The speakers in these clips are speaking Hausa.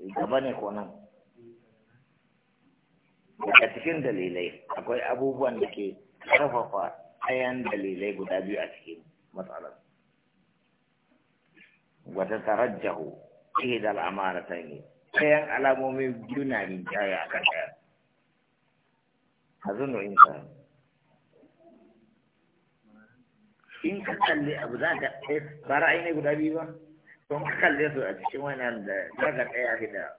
gaba ne ko nan daga cikin dalilai akwai abubuwan da ke karfafa ayan dalilai guda biyu a cikin matsalar wata tarajjahu ihe da al'amara ta ne ɗayan alamomi biyu na rinjaya a kan ɗaya hazinu ka in ka kalli abu za ka eh, ba ra'ayi ne guda biyu ba ثم خلي ذلك شو وين هذا الحياة هنا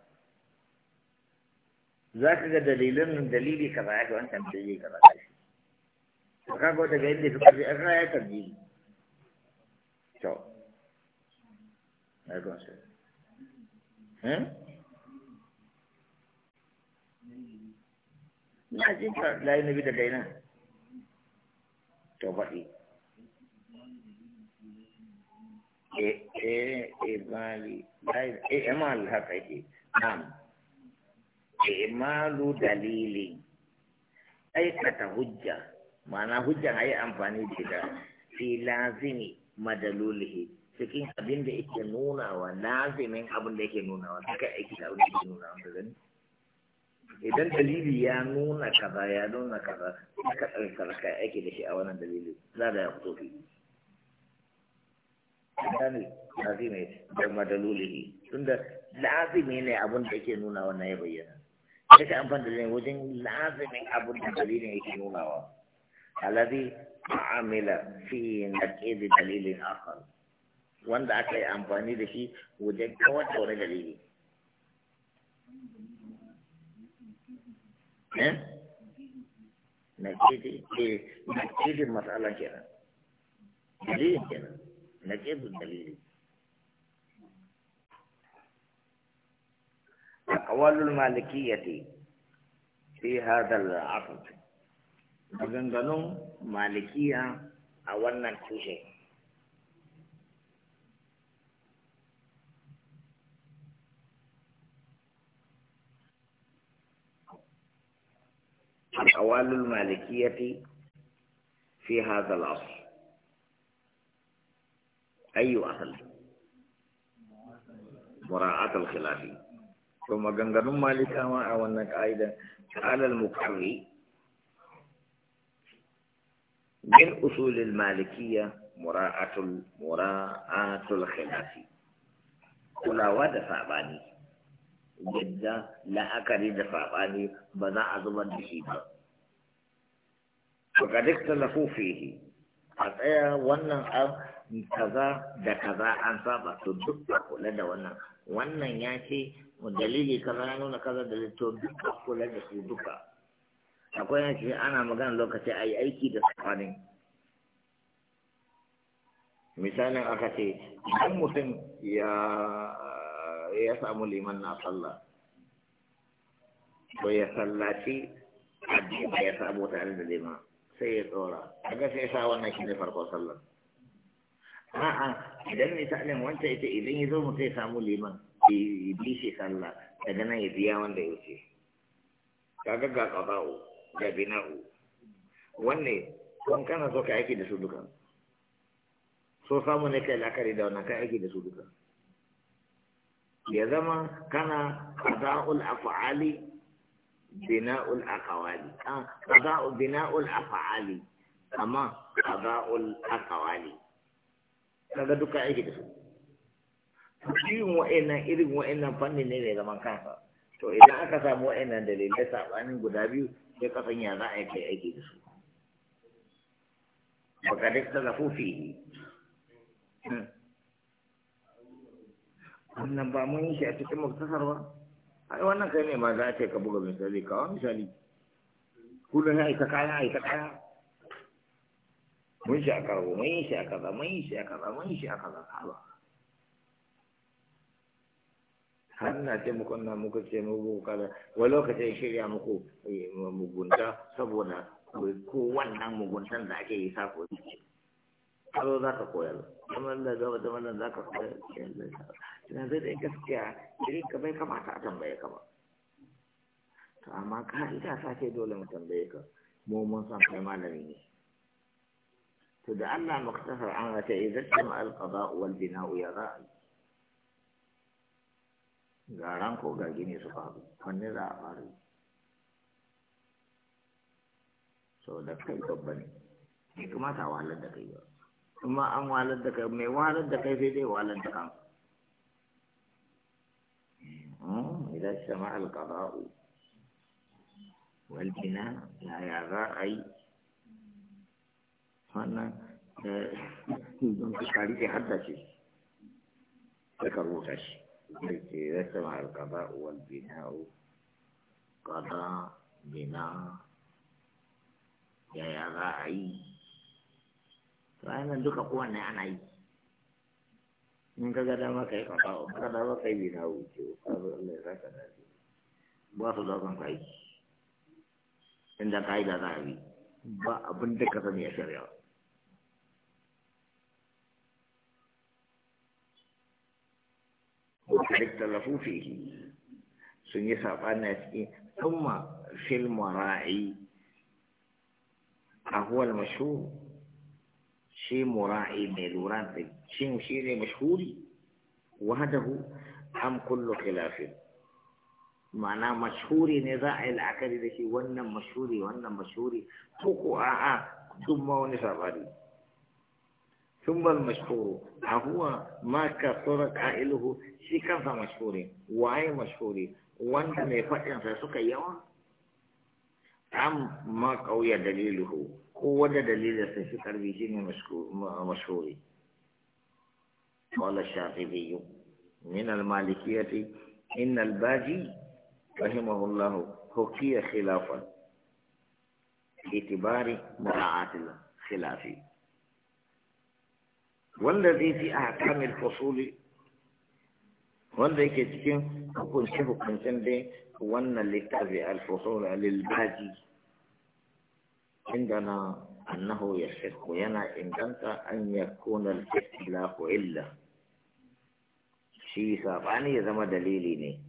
ذاك دليل من دليلي كذاك وانت من دليلي كذاك فكان قلت لك عندي فكرة الغاية تبديل شو ما يكون شو ها؟ لا جيت لا ينبي دلينا توبة إيه إعمال إعمال هذه نعم إعمال دليل أي كتهجة معنى amfani هي أمفاني جدا في لازم مدلوله cikin abin da yake wa lazimin abin da yake wa, duka aiki da abin da yake nunawa da gani idan dalili ya nuna kaza ya nuna kaza ka ɗauki aiki da shi a wannan dalili za da ya fito gane lazime da madalulihi tunda lazime ne abin da yake nuna wannan ya bayyana yake amfani da wajen lazimin abin da dalilin yake nunawa alladhi amila fi naqid dalilin akhar wanda aka yi amfani da shi wajen kawar da wani dalili eh naqidi eh naqidi mas'ala kenan dalilin kenan نجد الدليل أقوال المالكية في هذا العصر أنهم مالكية أولا كوشي أقوال المالكية في هذا العصر أي أصل مراعاة الخلاف ثم قنقر مالك ما أولنك أيضا على المقري من أصول المالكية مراعاة مراعاة الخلاف ولا ود فعباني جدا لا أكري صعباني بنا أزمن بشيبا وقد اختلفوا فيه a tsaya wannan an kaza da kaza an saba to duk a kula da wannan wannan ya ce dalili kaza ya nuna kaza da to duk a kula da su duka akwai ce ana magana lokaci a yi aiki da tsakanin misalin aka ce idan mutum ya samu liman na sallah ko ya sallaci addini ya sabo tare da liman sai ya tsora a ga sai ya sa wannan shi ne farko sallar a'a idan misalin wancan ita idan ya zo mu sai samu liman ya bi shi sallah daga nan ya biya wanda ya wuce ka ga qada'u ga bina'u wanne kan kana so ka aiki da su duka so samu ne kai lakari da wannan kai aiki da su duka ya zama kana qada'ul af'ali bina'ul akawali ah, qada'u bina'ul af'ali amma qada'ul akawali kaga duka aiki da su irin wa'annan irin wa'annan fannin ne mai zaman kansa to idan aka samu wa'annan dalilai sabanin guda biyu sai kasan ya za a kai aiki da su baka duk talafu fihi hmm. wannan ba mun yi shi a cikin muktasar ba ai wannan kai ne ma za ce ka buga misali kawo misali kullum ya isa kaya a kaya mun shi a karbo mun yi shi a kaza mun yi shi a kaza mun yi shi a kaza kaza har na ce muku na muku ce muku kaza wa lokacin shirya muku eh, mugunta saboda ko wannan muguntan da ake yi sa ko ne. Aro za ka koyar, kuma da zama da wannan za ka koyar, yanzu dai gaskiya irin ka bai kamata a tambaye ka ba to amma ka'ida ta ce dole mu tambaye ka mu mun san kai malami ne to da Allah muktasar an rata idan sama alqada wal bina'u ya ra'i ga ranko ga gini su faru wanne za a faru so da kai babba ne bai kamata a wahalar da kai ba kuma an wahalar da kai mai wahalar da kai sai dai wahalar da kanka آه، إذا اجتمع القضاء والبناء لا يعذى أي فأنا آه، في تعريف حد شيء ذكروا غش إذا اجتمع القضاء والبناء قضاء بناء لا يا أي فأنا دوك أقوى أنا أي in ka ga dama kai ka kawo ka da ba kai bina wuce ka zo Allah ya saka da shi ba su da kan kai inda kai da zabi ba abin da ka sani a shari'a ta lafu fihi sun yi saɓani a cikin summa a mara'i ahuwal mashhur shi mura'i mai lura da cin shi ne mashhuri wadahu am kullu khilafin ma'ana mashhuri ne za a yi la'akari da shi wannan mashhuri wannan mashhuri to ko a'a duk ma wani sabari sumbal mashhuru a huwa ma ka tsora shi kansa mashhuri waye mashuri? wanda mai faɗinsa suka yawa am ma ƙauya daliluhu وده دليل في ترويجين مشهوري قال الشافعي من المالكية إن الباجي رحمه الله حكي خلافا اعتبار مراعاة الخلاف والذي في أحكام الفصول والذي كتكين أقول شبه كنتم دي وأن اللي تابع الفصول للباجي عندنا أنه يحق ينا إن كنت أن يكون الاختلاف إلا شيء ثاني يزم دليلين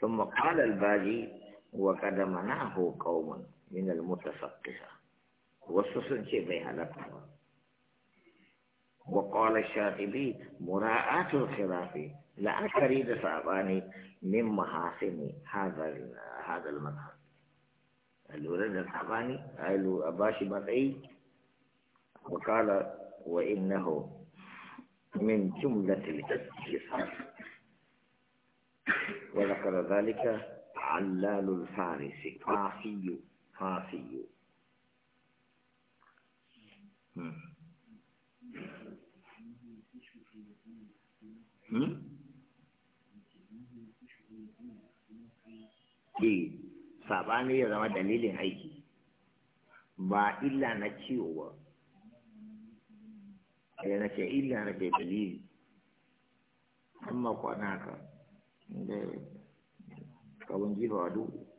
ثم قال الباجي وقد منعه قوم من المتفقهة وسوسن شيء لكم وقال الشاطبي مراعاة الخلاف لا أكريد ثاني من محاسن هذا هذا المذهب الولد الحقاني قالوا أباشي بقعي وقال وإنه من جملة الاتصال وذكر ذلك علال الفارس فاسي فاسي هم هم إيه. saɓani ya zama dalilin aiki ba illa na ciwo ba ya na ce illa na ce dalili amma kwanaka ka da kawun jifa wa